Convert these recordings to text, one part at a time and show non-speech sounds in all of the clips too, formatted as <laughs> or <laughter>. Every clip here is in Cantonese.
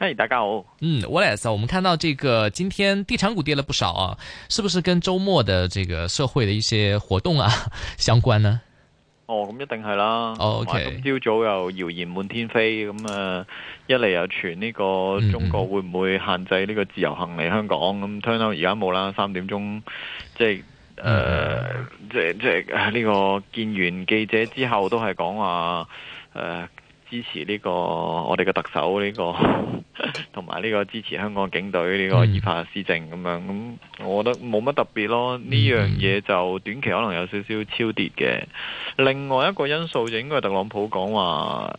嗨、hey，大家好。嗯 w a l、well, l a c 我們看到這個今天地產股跌了不少啊，是不是跟周末的這個社會的一些活動啊相關呢？哦，咁一定係啦。哦，O K。咁朝早，早又謠言滿天飛，咁啊一嚟又傳呢個中國會唔會限制呢個自由行嚟香港？咁 turn out 而家冇啦，三點鐘即係誒、呃呃、即係即係呢、這個見完記者之後都係講話誒。呃支持呢個我哋嘅特首呢個，同埋呢個支持香港警隊呢個依法施政咁樣，咁我覺得冇乜特別咯。呢樣嘢就短期可能有少少超跌嘅。另外一個因素就應該係特朗普講話，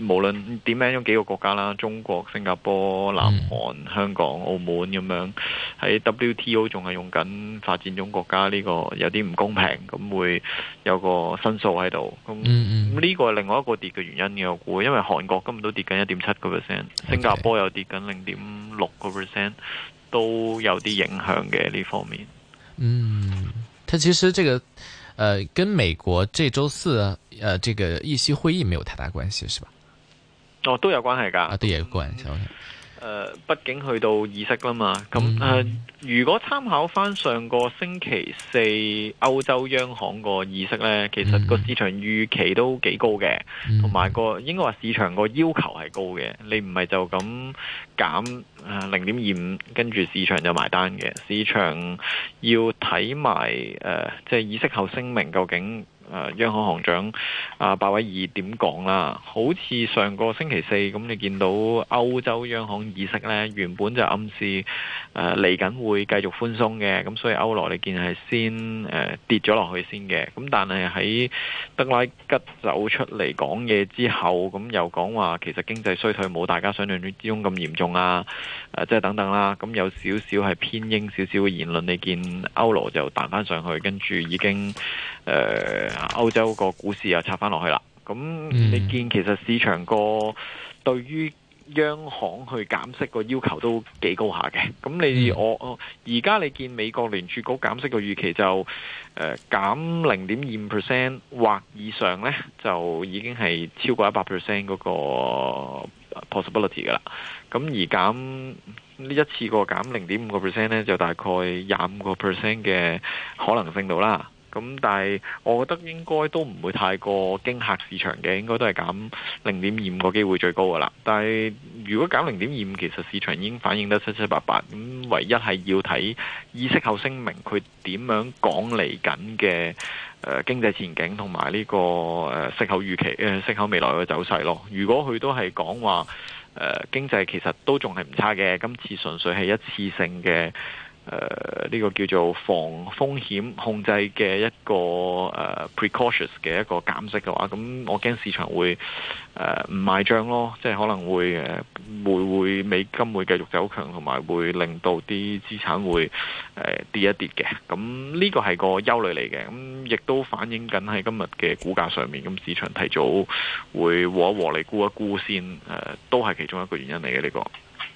誒，無論點樣，咁幾個國家啦，中國、新加坡、南韓、香港、澳門咁樣，喺 WTO 仲係用緊發展中國家呢個有啲唔公平，咁會有個申訴喺度。咁咁呢個係另外一個跌。嘅原因我估，因為韓國今日都跌緊一點七個 percent，新加坡又跌緊零點六個 percent，都有啲影響嘅呢方面。嗯，它其實這個，呃，跟美國這周四，呃，這個議息會議沒有太大關係，是吧？哦，都有關係噶，啊，都有關係。嗯嗯誒、uh，畢竟去到議息啦嘛，咁、mm、誒 -hmm. 啊，如果參考返上個星期四歐洲央行個議息呢，其實個市場預期都幾高嘅，同、mm、埋 -hmm. 個應該話市場個要求係高嘅，你唔係就咁減零點二五，跟住市場就埋單嘅，市場要睇埋即係議息後聲明究竟。誒央行行長啊，鮑威爾點講啦？好似上個星期四咁，你見到歐洲央行議息呢，原本就暗示嚟緊、啊、會繼續寬鬆嘅，咁所以歐羅你見係先、啊、跌咗落去先嘅。咁但係喺德拉吉走出嚟講嘢之後，咁又講話其實經濟衰退冇大家想象之中咁嚴重啊，即、啊、係等等啦。咁有少少係偏鷹少少嘅言論，你見歐羅就彈翻上去，跟住已經、啊歐洲個股市又插翻落去啦，咁你見其實市場個對於央行去減息個要求都幾高下嘅，咁你我哦，而家你見美國聯儲局減息個預期就誒減零點二五 percent 或以上呢就已經係超過一百 percent 嗰個 possibility 噶啦，咁而減呢一次個減零點五個 percent 呢，就大概廿五個 percent 嘅可能性度啦。咁、嗯、但係，我覺得應該都唔會太過驚嚇市場嘅，應該都係減零點二五個機會最高噶啦。但係如果減零點二五，其實市場已經反映得七七八八，咁唯一係要睇息口聲明佢點樣講嚟緊嘅誒經濟前景同埋呢個誒息口預期誒息口未來嘅走勢咯。如果佢都係講話誒經濟其實都仲係唔差嘅，今次純粹係一次性嘅。誒、呃、呢、這個叫做防風險控制嘅一個、呃、precautious 嘅一個減息嘅話，咁我驚市場會誒唔賣帳咯，即係可能會誒、呃、會會美金會繼續走強，同埋會令到啲資產會、呃、跌一跌嘅。咁、嗯、呢、這個係個憂慮嚟嘅，咁、嗯、亦都反映緊喺今日嘅股價上面。咁市場提早會和一和，沽一沽先，誒、呃、都係其中一個原因嚟嘅呢個。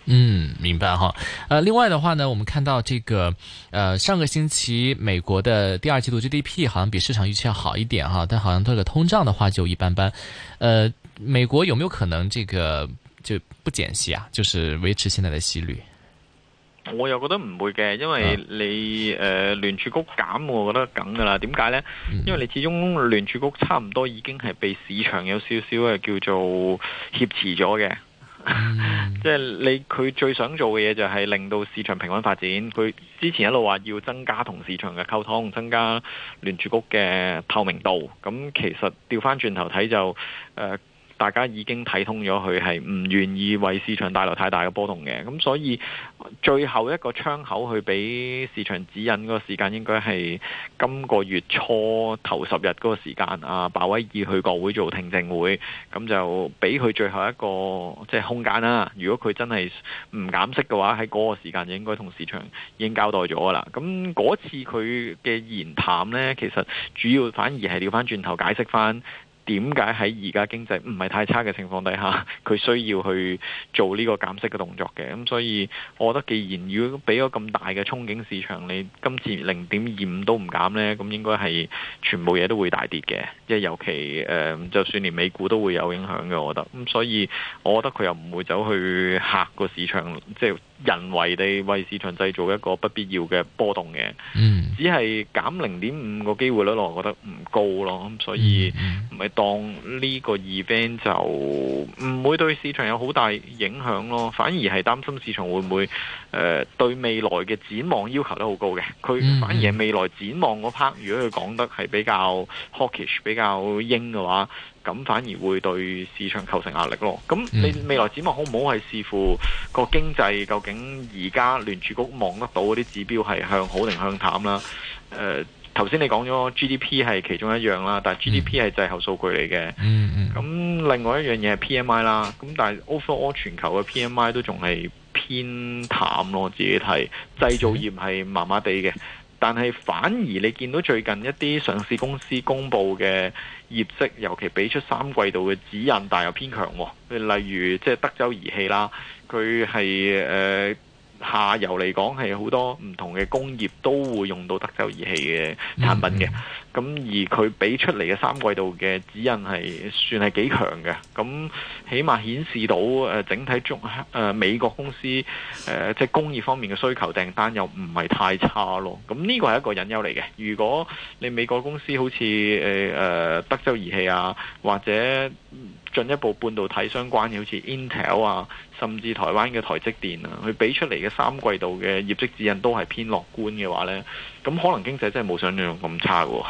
嗯，明白哈。呃，另外的話呢，我們看到這個，呃，上個星期美國的第二季度 GDP 好像比市場預期要好一點哈，但好像對個通脹的話就一般般。呃，美國有沒有可能這個就不減息啊？就是維持現在的息率？我又覺得唔會嘅，因為你、啊、呃聯儲局減，我覺得梗㗎喇。點解呢？因為你始終聯儲局差唔多已經係被市場有少少誒叫做挾持咗嘅。即係、 <noise> <noise> 就是、你，佢最想做嘅嘢就係令到市場平穩發展。佢之前一路話要增加同市場嘅溝通，增加聯儲局嘅透明度。咁其實調翻轉頭睇就、呃大家已經睇通咗，佢係唔願意為市場帶來太大嘅波動嘅，咁所以最後一個窗口去俾市場指引個時間，應該係今個月初頭十日嗰個時間啊。鮑威爾去國會做聽證會，咁就俾佢最後一個即係空間啦、啊。如果佢真係唔減息嘅話，喺嗰個時間就應該同市場已經交代咗啦。咁嗰次佢嘅言談呢，其實主要反而係調翻轉頭解釋返。點解喺而家經濟唔係太差嘅情況底下，佢需要去做呢個減息嘅動作嘅？咁、嗯、所以，我覺得既然如果俾咗咁大嘅憧憬市場，你今次零點二五都唔減呢，咁、嗯、應該係全部嘢都會大跌嘅。即係尤其誒、呃，就算連美股都會有影響嘅，我覺得。咁、嗯、所以，我覺得佢又唔會走去嚇個市場，即係。人為地為市場製造一個不必要嘅波動嘅，mm. 只係減零點五個機會率，我覺得唔高咯，咁所以唔係當呢個 event 就唔會對市場有好大影響咯，反而係擔心市場會唔會誒、呃、對未來嘅展望要求得好高嘅，佢反而係未來展望嗰 part 如果佢講得係比較 hawkish、比較鷹嘅話。咁反而會對市場構成壓力咯。咁你未來展望好唔好係視乎個經濟究竟而家聯儲局望得到嗰啲指標係向好定向淡啦。誒頭先你講咗 GDP 係其中一樣啦，但 GDP 係滯後數據嚟嘅。嗯嗯，嗯。咁另外一樣嘢係 PMI 啦。咁但 overall 全球嘅 PMI 都仲係偏淡咯。自己睇製造業係麻麻地嘅。但係反而你見到最近一啲上市公司公布嘅業績，尤其俾出三季度嘅指引，大有偏強喎、哦。例如即係德州儀器啦，佢係誒下游嚟講係好多唔同嘅工業都會用到德州儀器嘅產品嘅，咁、嗯、而佢俾出嚟嘅三季度嘅指引係算係幾強嘅，咁、嗯、起碼顯示到誒、呃、整體中誒、呃、美國公司誒、呃、即係工業方面嘅需求訂單又唔係太差咯，咁、嗯、呢、這個係一個隱憂嚟嘅。如果你美國公司好似誒誒德州儀器啊，或者，進一步半導體相關嘅，好似 Intel 啊，甚至台灣嘅台積電啊，佢俾出嚟嘅三季度嘅業績指引都係偏樂觀嘅話呢，咁可能經濟真係冇想象中咁差喎。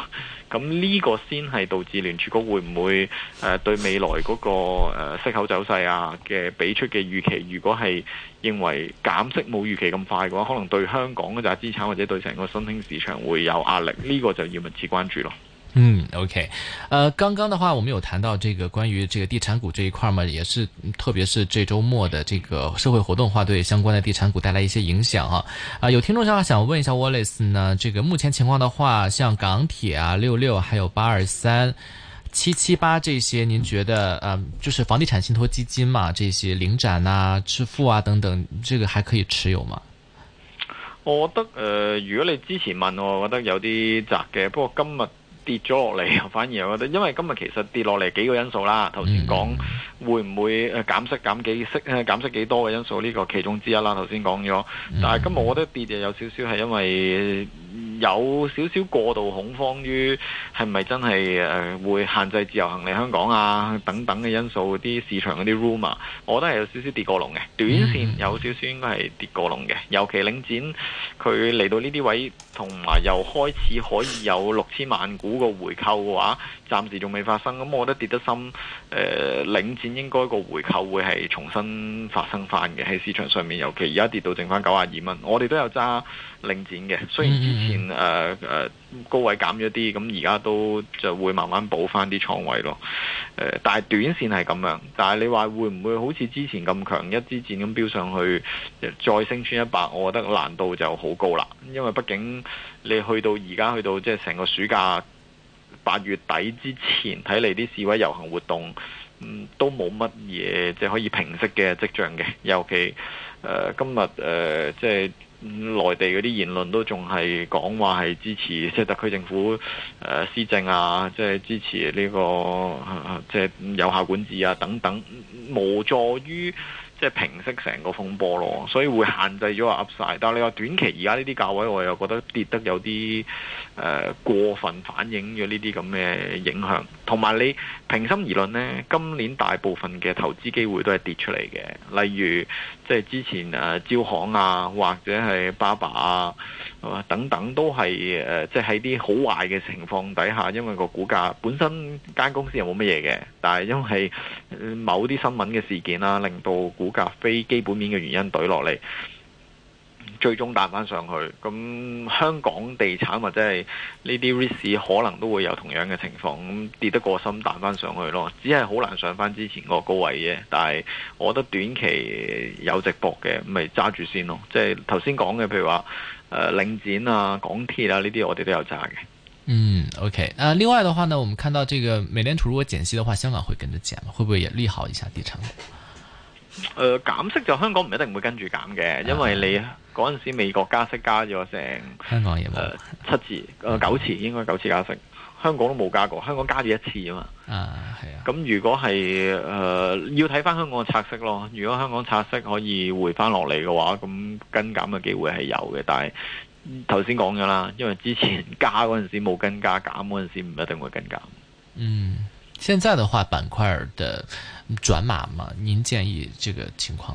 咁呢個先係導致聯儲局會唔會誒對未來嗰個息口走勢啊嘅俾出嘅預期，如果係認為減息冇預期咁快嘅話，可能對香港嘅債資產或者對成個新興市場會有壓力。呢個就要密切關注咯。嗯，OK，呃，剛剛的話，我們有談到這個關於這個地產股這一塊嘛，也是特別是這周末的這個社會活動的話，對相關的地產股帶來一些影響啊。啊，有聽眾想想問一下 Wallace 呢，這個目前情況的話，像港鐵啊、六六、還有八二三、七七八這些，您覺得，嗯、呃，就是房地產信託基金嘛，這些領展啊、置富啊等等，這個還可以持有嗎？我覺得呃，如果你之前問我，我覺得有啲窄嘅，不過今日。跌咗落嚟，反而我覺得，因為今日其實跌落嚟幾個因素啦。頭先講會唔會減息減幾息減減息減幾多嘅因素呢、這個其中之一啦。頭先講咗，但係今日我覺得跌就有少少係因為，有少少過度恐慌於係咪真係誒會限制自由行嚟香港啊，等等嘅因素，啲市場嗰啲 rumor，我覺得係有少少跌過龍嘅，短線有少少應該係跌過龍嘅。尤其領展佢嚟到呢啲位，同埋又開始可以有六千萬股個回購嘅話，暫時仲未發生。咁我覺得跌得深誒、呃、領展應該個回購會係重新發生翻嘅喺市場上面。尤其而家跌到剩翻九廿二蚊，我哋都有揸。領展嘅，雖然之前誒誒、呃呃、高位減咗啲，咁而家都就會慢慢補翻啲倉位咯。誒、呃，但係短線係咁樣，但係你話會唔會好似之前咁強一支箭咁飆上去再升穿一百，我覺得難度就好高啦。因為畢竟你去到而家去到即係成個暑假八月底之前，睇嚟啲示威遊行活動、嗯、都冇乜嘢即係可以平息嘅跡象嘅，尤其、呃、今日誒即係。呃即係內、嗯、地嗰啲言論都仲係講話係支持即係、就是、特區政府誒、呃、施政啊，即、就、係、是、支持呢、這個即係、啊就是、有效管治啊等等，無助於即係平息成個風波咯，所以會限制咗個 Upside。但係你話短期而家呢啲價位，我又覺得跌得有啲。誒、呃、過分反映咗呢啲咁嘅影響，同埋你平心而論呢，今年大部分嘅投資機會都係跌出嚟嘅，例如即係之前誒、呃、招行啊，或者係巴爸，爸啊、呃，等等都係即係喺啲好壞嘅情況底下，因為個股價本身間公司又冇乜嘢嘅，但係因為某啲新聞嘅事件啦、啊，令到股價非基本面嘅原因懟落嚟。最終彈翻上去，咁香港地產或者係呢啲 REITs 可能都會有同樣嘅情況，咁跌得過深彈翻上去咯，只係好難上翻之前個高位啫。但係我覺得短期有值博嘅，咪揸住先咯。即係頭先講嘅，譬如話誒、呃、領展啊、港鐵啊呢啲，這些我哋都有揸嘅。嗯，OK、啊。那另外嘅話呢，我們看到這個美聯儲如果減息嘅話，香港會跟着減，會不會也利好一下地產股？誒、呃，減息就香港唔一定會跟住減嘅，因為你嗰陣時美國加息加咗成香港、呃、七次誒、呃、九次、嗯、應該九次加息，香港都冇加過，香港加咗一次啊嘛，咁、啊啊、如果係誒、呃、要睇翻香港嘅拆息咯，如果香港拆息可以回翻落嚟嘅話，咁跟減嘅機會係有嘅，但係頭先講咗啦，因為之前加嗰陣時冇跟加，減嗰陣時唔一定會跟減，嗯。現在的話板塊的轉碼嘛，您建議這個情況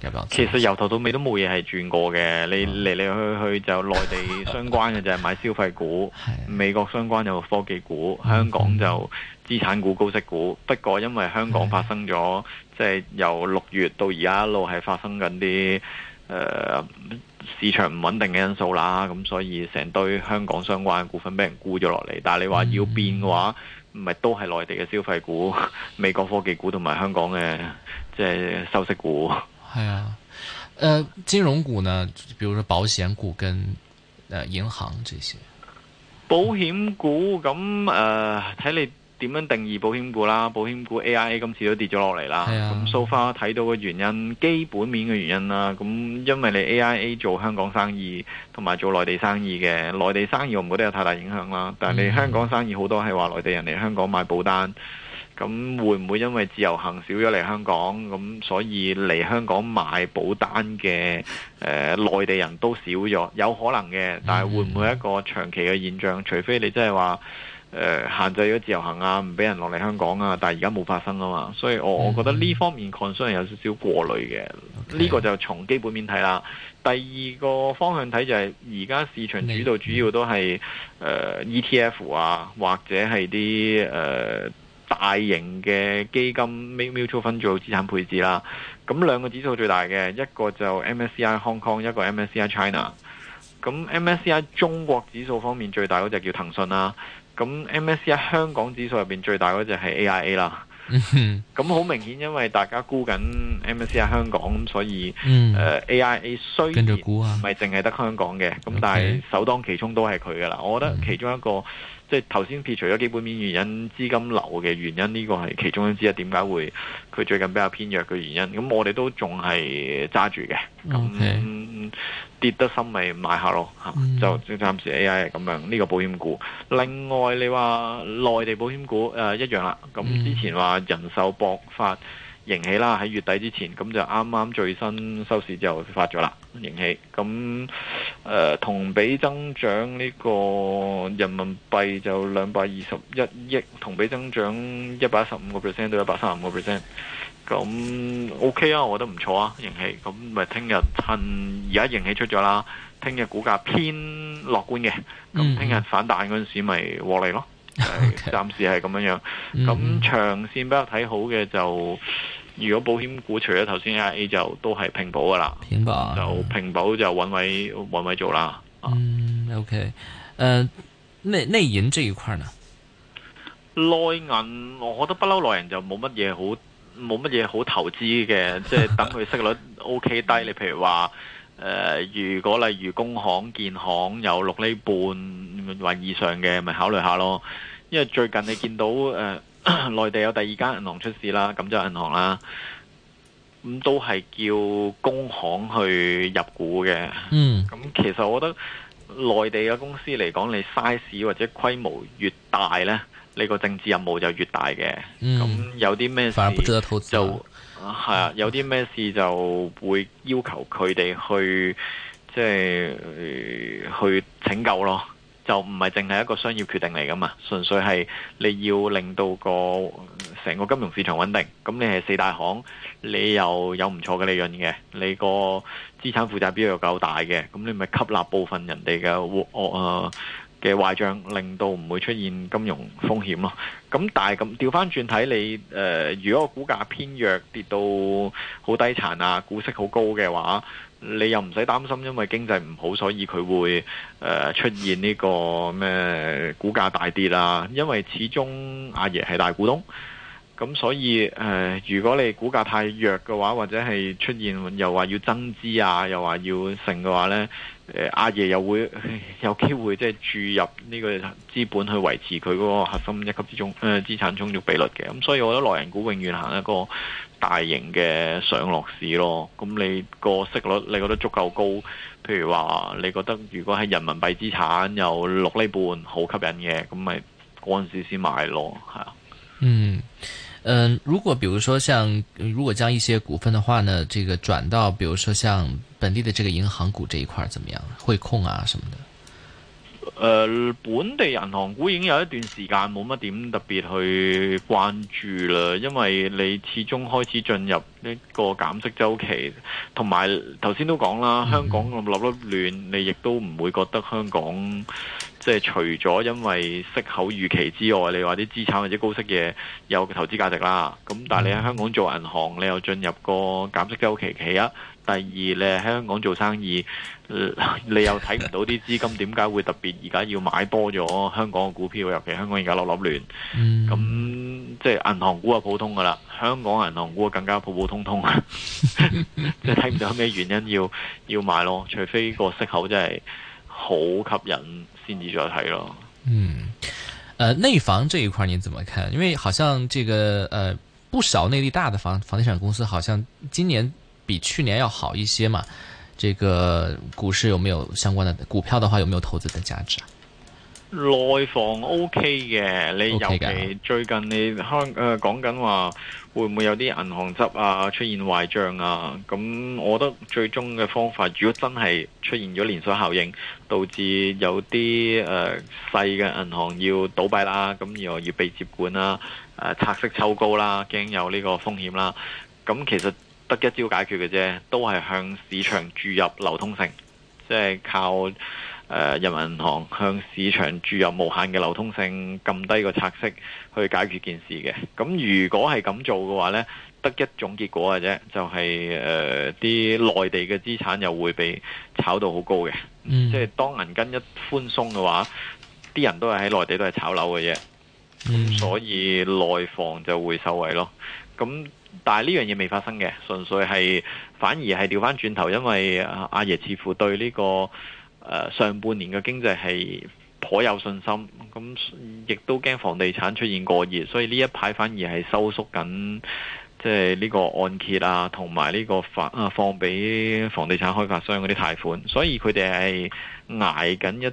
要不要，其實由頭到尾都冇嘢係轉過嘅、哦，你嚟嚟去去，就內地相關嘅就係買消費股， <laughs> 美國相關就科技股，啊，香港就資產股，嗯，高息股。不過因為香港發生咗，即係、啊就是，由六月到而家一路係發生緊啲、呃、市場唔穩定嘅因素啦，咁所以成堆香港相關嘅股份俾人沽咗落嚟。但係你話要變嘅話？嗯嗯唔係都係內地嘅消費股、美國科技股同埋香港嘅即係收息股。係啊。誒，金融股呢？比如說保險股跟誒銀行這些。保險股咁誒睇你。點樣定義保險股啦？保險股 AIA 今次都跌咗落嚟啦。咁 so far 睇到嘅原因，基本面嘅原因啦、啊。咁因為你 AIA 做香港生意同埋做內地生意嘅，內地生意我唔覺得有太大影響啦。但係你香港生意好多係話內地人嚟香港買保單，咁、嗯、會唔會因為自由行少咗嚟香港，咁所以嚟香港買保單嘅誒內地人都少咗？有可能嘅，但係會唔會一個長期嘅現象、嗯？除非你真係話。誒、呃、限制咗自由行啊，唔俾人落嚟香港啊，但係而家冇發生啊嘛，所以我嗯嗯我覺得呢方面 concern 有少少過濾嘅。呢、okay。個就從基本面睇啦。第二個方向睇就係而家市場主導主要都係誒、呃、ETF 啊，或者係啲誒大型嘅基金 mutual fund 做資產配置啦。咁兩個指數最大嘅一個就 MSCI Hong Kong，一個 MSCI China。咁 MSCI 中國指數方面最大嗰隻叫騰訊啦。咁 MSCA 香港指數入邊最大嗰隻係 AIA 啦，咁 <laughs> 好明顯因為大家估緊 MSCA 香港，咁所以、嗯呃、AIA 雖然唔係淨係得香港嘅，咁但係首當其衝都係佢噶啦。我覺得其中一個即係頭先撇除咗基本面原因，資金流嘅原因，呢個係其中之一，點解會佢最近比較偏弱嘅原因？咁我哋都仲係揸住嘅。咁嗯。Okay. 跌得深咪買下咯嚇，嗯、就暫時。A I 係咁樣呢、這個保險股。另外你話內地保險股誒、呃、一樣啦，咁之前話人壽博發。盈喜啦，喺月底之前咁就啱啱最新收市之後發咗啦。盈喜咁誒、呃，同比增長呢個人民幣就兩百二十一億，同比增長一百一十五個 percent 到一百三十五個 percent。咁 OK 啊，我覺得唔錯啊。盈喜咁咪聽日趁而家盈喜出咗啦，聽日股價偏樂觀嘅，咁聽日反彈嗰陣時咪獲利咯。嗯啊、暫時係咁樣樣，咁、嗯、長線比較睇好嘅就。如果保險股除咗頭先 A，A 就都係平保噶啦，平保、啊、就平保就揾位揾、嗯、位做啦。嗯，OK，誒、uh, 內內銀呢一塊呢？內銀我覺得不嬲內銀就冇乜嘢好冇乜嘢好投資嘅，即、就、係、是、等佢息率 OK 低。 <laughs> 你譬如話誒、呃，如果例如工行、建行有六厘半或以上嘅，咪考慮下咯。因為最近你見到誒。呃內地有第二間銀行出事啦，錦州銀行啦，咁都係叫工行去入股嘅。嗯，咁其實我覺得內地嘅公司嚟講，你 size 或者規模越大呢，你個政治任務就越大嘅。咁、嗯、有啲咩事就係啊，有啲咩事就會要求佢哋去即係去拯救咯。就唔係淨係一個商業決定嚟㗎嘛，純粹係你要令到個成個金融市場穩定。咁你係四大行，你又有唔錯嘅利潤嘅，你個資產負債表又夠大嘅，咁你咪吸納部分人哋嘅呃嘅壞帳，令到唔會出現金融風險咯。咁但係咁調返轉睇你誒，如果個股價偏弱，跌到好低殘啊，股息好高嘅話。你又唔使擔心，因為經濟唔好，所以佢會誒、呃、出現呢、這個咩股價大跌啦、啊。因為始終阿爺係大股東，咁所以誒、呃，如果你股價太弱嘅話，或者係出現又話要增資啊，又話要成嘅話呢，呃、阿爺又會有機會即係注入呢個資本去維持佢嗰個核心一級資本誒資、呃、產充足比率嘅。咁所以，我覺得內銀股永遠行一、那個。大型嘅上落市咯，咁你個息率，你覺得足夠高？譬如話你覺得如果係人民幣資產有六厘半，好吸引嘅，咁咪嗰陣時先買咯，吓。嗯，嗯、呃，如果比如說，像如果將一些股份的話呢，這個轉到，比如說像本地的這個銀行股這一塊，怎麼樣？匯控啊，什麼的？呃、本地銀行股已經有一段時間冇乜點特別去關注啦，因為你始終開始進入呢個減息周期，同埋頭先都講啦，香港咁立立亂，你亦都唔會覺得香港即係、就是、除咗因為息口預期之外，你話啲資產或者高息嘢有投資價值啦。咁但係你喺香港做銀行，你又進入個減息周期期啊。第二，你喺香港做生意，嗯、你又睇唔到啲資金點解會特別而家要買多咗香港嘅股票，尤其香港而家笠笠亂，咁即係銀行股啊普通噶啦，香港銀行股更加普普通通，即係睇唔到咩原因要要買咯，除非個息口真係好吸引，先至再睇咯。嗯，誒、呃、內房這一塊你怎麼看？因為好像這個誒、呃、不少內地大的房房地產公司，好像今年。比去年要好一些嘛？這個股市有沒有相關的股票的話，有沒有投資的價值啊？內房 OK 嘅，你尤其最近你香誒講緊話，會唔會有啲銀行執啊出現壞賬啊？咁我覺得最終嘅方法，如果真係出現咗連鎖效應，導致有啲誒、呃、細嘅銀行要倒閉啦，咁而係要被接管啦，誒、呃、拆息抽高啦，驚有呢個風險啦，咁其實。得一招解決嘅啫，都係向市場注入流通性，即係靠人民銀行向市場注入無限嘅流通性，撳低個拆息去解決件事嘅。咁如果係咁做嘅話呢，得一種結果嘅啫，就係誒啲內地嘅資產又會被炒到好高嘅。嗯、即係當銀根一寬鬆嘅話，啲人都係喺內地都係炒樓嘅啫，嗯、所以內房就會受惠咯。咁，但係呢樣嘢未發生嘅，純粹係反而係調翻轉頭，因為阿爺似乎對呢個、呃、上半年嘅經濟係頗有信心，咁亦都驚房地產出現過熱，所以呢一排反而係收縮緊，即係呢個按揭啊，同埋呢個放啊放俾房地產開發商嗰啲貸款，所以佢哋係捱緊一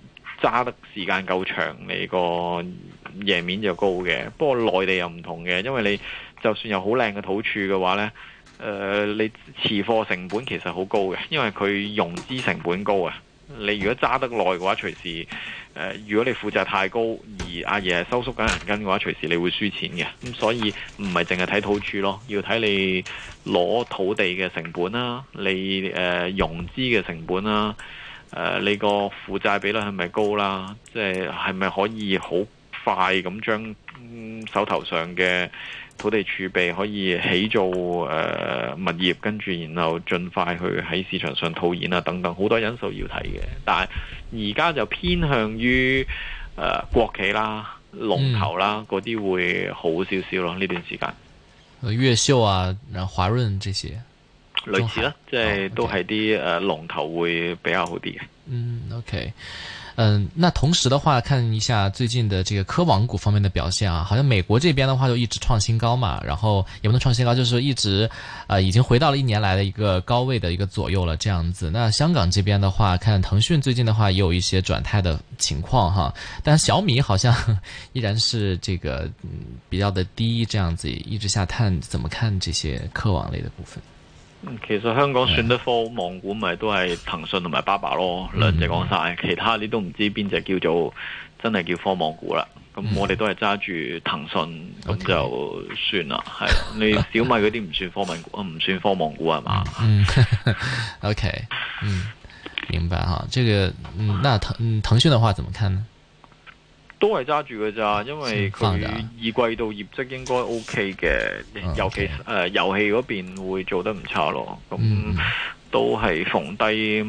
揸得時間夠長，你個贏面就高嘅。不過內地又唔同嘅，因為你就算有好靚嘅土儲嘅話呢誒、呃、你持貨成本其實好高嘅，因為佢融資成本高啊。你如果揸得耐嘅話，隨時、呃、如果你負債太高，而阿爺係收縮緊銀根嘅話，隨時你會輸錢嘅。咁所以唔係淨係睇土儲咯，要睇你攞土地嘅成本啦，你、呃、融資嘅成本啦。誒、呃，你個負債比率係咪高啦？即係係咪可以好快咁將手頭上嘅土地儲備可以起做誒、呃、物業，跟住然後盡快去喺市場上套現啊！等等好多因素要睇嘅。但係而家就偏向於誒、呃、國企啦、龍頭啦嗰啲會好少少咯，呢段時間。越秀啊，華潤這些。類似啦，即係、oh, okay. 都係啲誒龍頭會比較好啲嘅。嗯，OK，嗯，那同時的話，看一下最近的這個科網股方面的表現啊，好像美國這邊的話就一直創新高嘛，然後有沒有創新高？就是一直，呃已經回到了一年來的一個高位的一個左右了，這樣子。那香港這邊的話，看騰訊最近的話也有一些轉態的情況哈、啊，但小米好像依然是這個、嗯、比較的低，這樣子一直下探，怎麼看這些科網類的部分？其實香港選得科網股咪都係騰訊同埋巴爸咯，兩隻講晒，其他你都唔知邊隻叫做真係叫科網股啦。咁我哋都係揸住騰訊咁就算啦。係、okay、你小米嗰啲唔算科網股，唔 <laughs> 算科網股係嘛？嗯 <laughs> ，OK，嗯，明白哈。這個，嗯、那騰騰訊的話，怎麼看呢？都係揸住嘅咋，因為佢二季度業績應該 OK 嘅，尤其是遊、啊 okay. 呃、遊戲嗰邊會做得唔差咯。咁、嗯嗯、都係逢低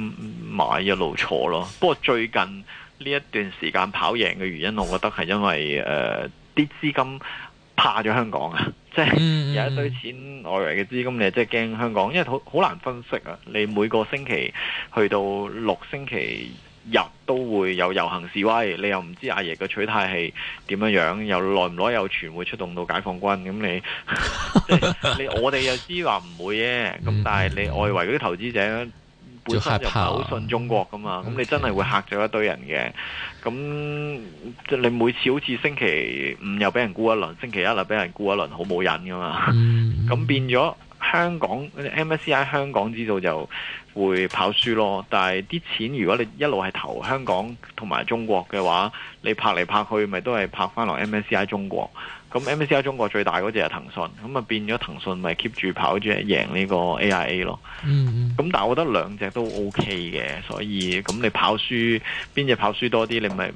買一路坐咯。不過最近呢一段時間跑贏嘅原因，我覺得係因為誒啲、呃、資金怕咗香港啊，即係、嗯嗯、有一堆錢外圍嘅資金，你即係驚香港，因為好好難分析啊。你每個星期去到六星期，入都會有遊行示威，你又唔知阿爺嘅取態係點樣，又耐唔耐又傳會出動到解放軍，咁你 <laughs> <laughs> <laughs> 你我哋又知話唔會嘅，咁 <laughs> 但係你外圍嗰啲投資者本身就唔係好信中國噶嘛，咁、啊嗯、你真係會嚇咗一堆人嘅，咁、okay、你每次好似星期五又俾人沽一輪，星期一啦俾人沽一輪，好冇癮噶嘛，咁 <laughs> <laughs> 變咗。香港 MSCI 香港指數就會跑輸咯，但係啲錢如果你一路係投香港同埋中國嘅話，你拍嚟拍去咪都係拍翻落 MSCI 中國，咁 MSCI 中國最大嗰隻係騰訊，咁啊變咗騰訊咪 keep 住跑住贏呢個 AIA 咯，咁、嗯嗯、但係我覺得兩隻都 OK 嘅，所以咁你跑輸邊隻跑輸多啲，你咪。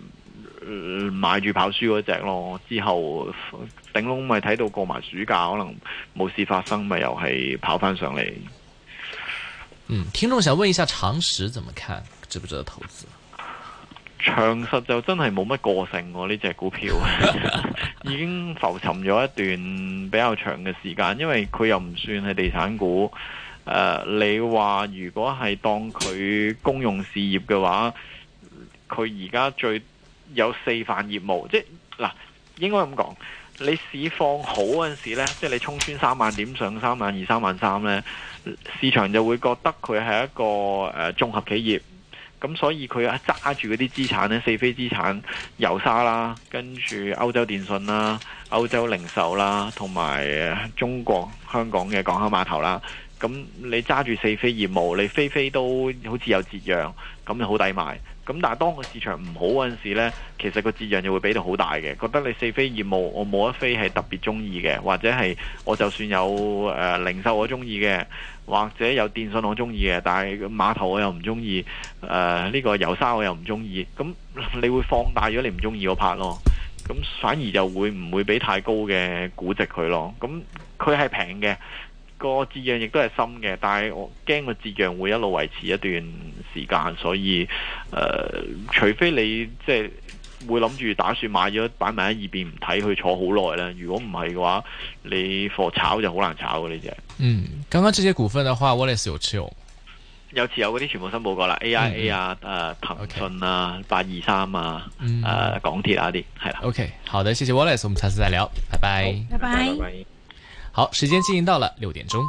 嗯，買住跑輸嗰隻咯，之後頂籠咪睇到過埋暑假，可能冇事發生，咪又係跑翻上嚟。嗯，聽眾想問一下長實怎麼看，值不值得投資？長實就真係冇乜個性、啊，呢隻股票 <laughs> 已經浮沉咗一段比較長嘅時間，因為佢又唔算係地產股。誒、呃，你話如果係當佢公用事業嘅話，佢而家最。有四範業務，即嗱、啊，應該咁講，你市況好嗰陣時呢，即係你衝穿三萬點上三萬二、三萬三呢，市場就會覺得佢係一個誒綜合企業，咁所以佢揸住嗰啲資產呢，四飛資產、油沙啦，跟住歐洲電信啦、歐洲零售啦，同埋中國香港嘅港口碼頭啦，咁你揸住四飛業務，你飛飛都好似有折讓，咁就好抵賣。咁但係當個市場唔好嗰陣時呢，其實個節量又會俾到好大嘅，覺得你四飛業務，我冇一飛係特別中意嘅，或者係我就算有零售我中意嘅，或者有電信我中意嘅，但係碼頭我又唔中意，誒、呃、呢、這個油砂我又唔中意，咁你會放大咗你唔中意嗰 part 咯，咁反而就會唔會俾太高嘅估值佢咯，咁佢係平嘅。個折讓亦都係深嘅，但係我驚個折讓會一路維持一段時間，所以誒、呃，除非你即係會諗住打算買咗擺埋喺二邊唔睇，去坐好耐啦。如果唔係嘅話，你貨炒就好難炒嘅呢隻。嗯，咁啱隻只股份嘅話，Wallace 有持有，有持有嗰啲全部申報過啦，AIA 啊，誒、嗯，騰訊啊，八二三啊，誒、啊嗯啊，港鐵啊啲係啦。OK，好的，謝謝 Wallace，我們下次再聊，拜拜，拜拜。拜拜好，時間進行到了六點鐘。